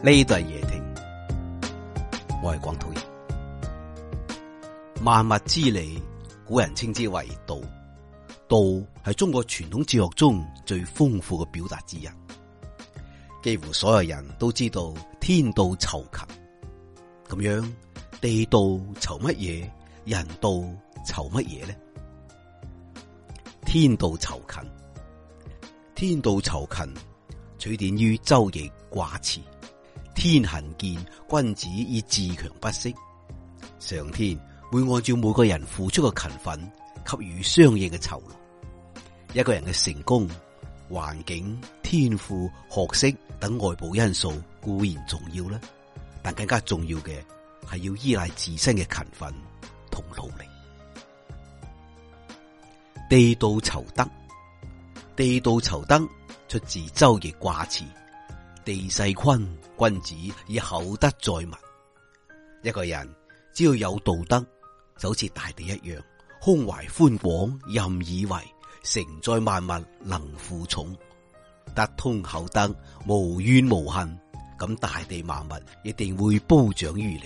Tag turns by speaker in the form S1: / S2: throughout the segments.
S1: 呢度係夜聽，我係廣土人。萬物之理，古人稱之為道。道係中國傳統哲學中最豐富嘅表達之一。幾乎所有人都知道天道酬勤，咁樣地道酬乜嘢，人道酬乜嘢呢？天道酬勤，天道酬勤，取典於周易卦辭。天行健，君子以自強不息。上天會按照每個人付出嘅勤奮，給予相應嘅酬勞。一個人嘅成功，環境、天賦、學識等外部因素固然重要啦，但更加重要嘅係要依賴自身嘅勤奮同努力。地道酬德，地道酬德，出自周易卦辭。地勢坤，君子以厚德載物。一個人只要有道德，就好似大地一樣，胸懷寬廣，任以為，承載萬物，能負重。達通厚德，無怨無恨，咁大地萬物亦定會褒獎於你。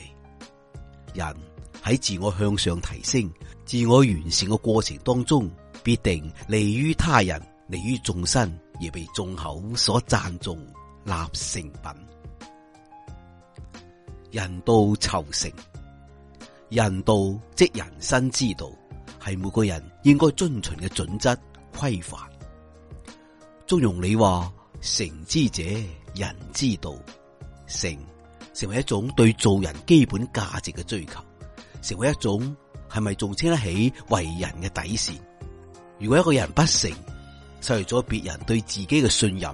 S1: 人喺自我向上提升、自我完善嘅過程當中，必定利於他人，利於眾生，而被眾口所讚頌。立成品，人道酬成，人道即人生之道，係每個人應該遵循嘅準則規範。中庸你話，成之者人之道，成成為一種對做人基本價值嘅追求，成為一種係咪仲稱得起為人嘅底線？如果一個人不成，失去咗別人對自己嘅信任。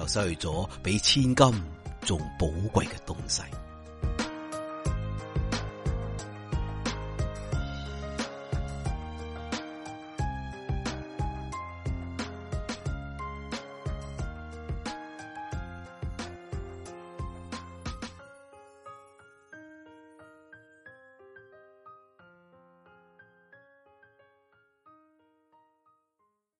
S1: 又失去咗比千金仲寶貴嘅東西。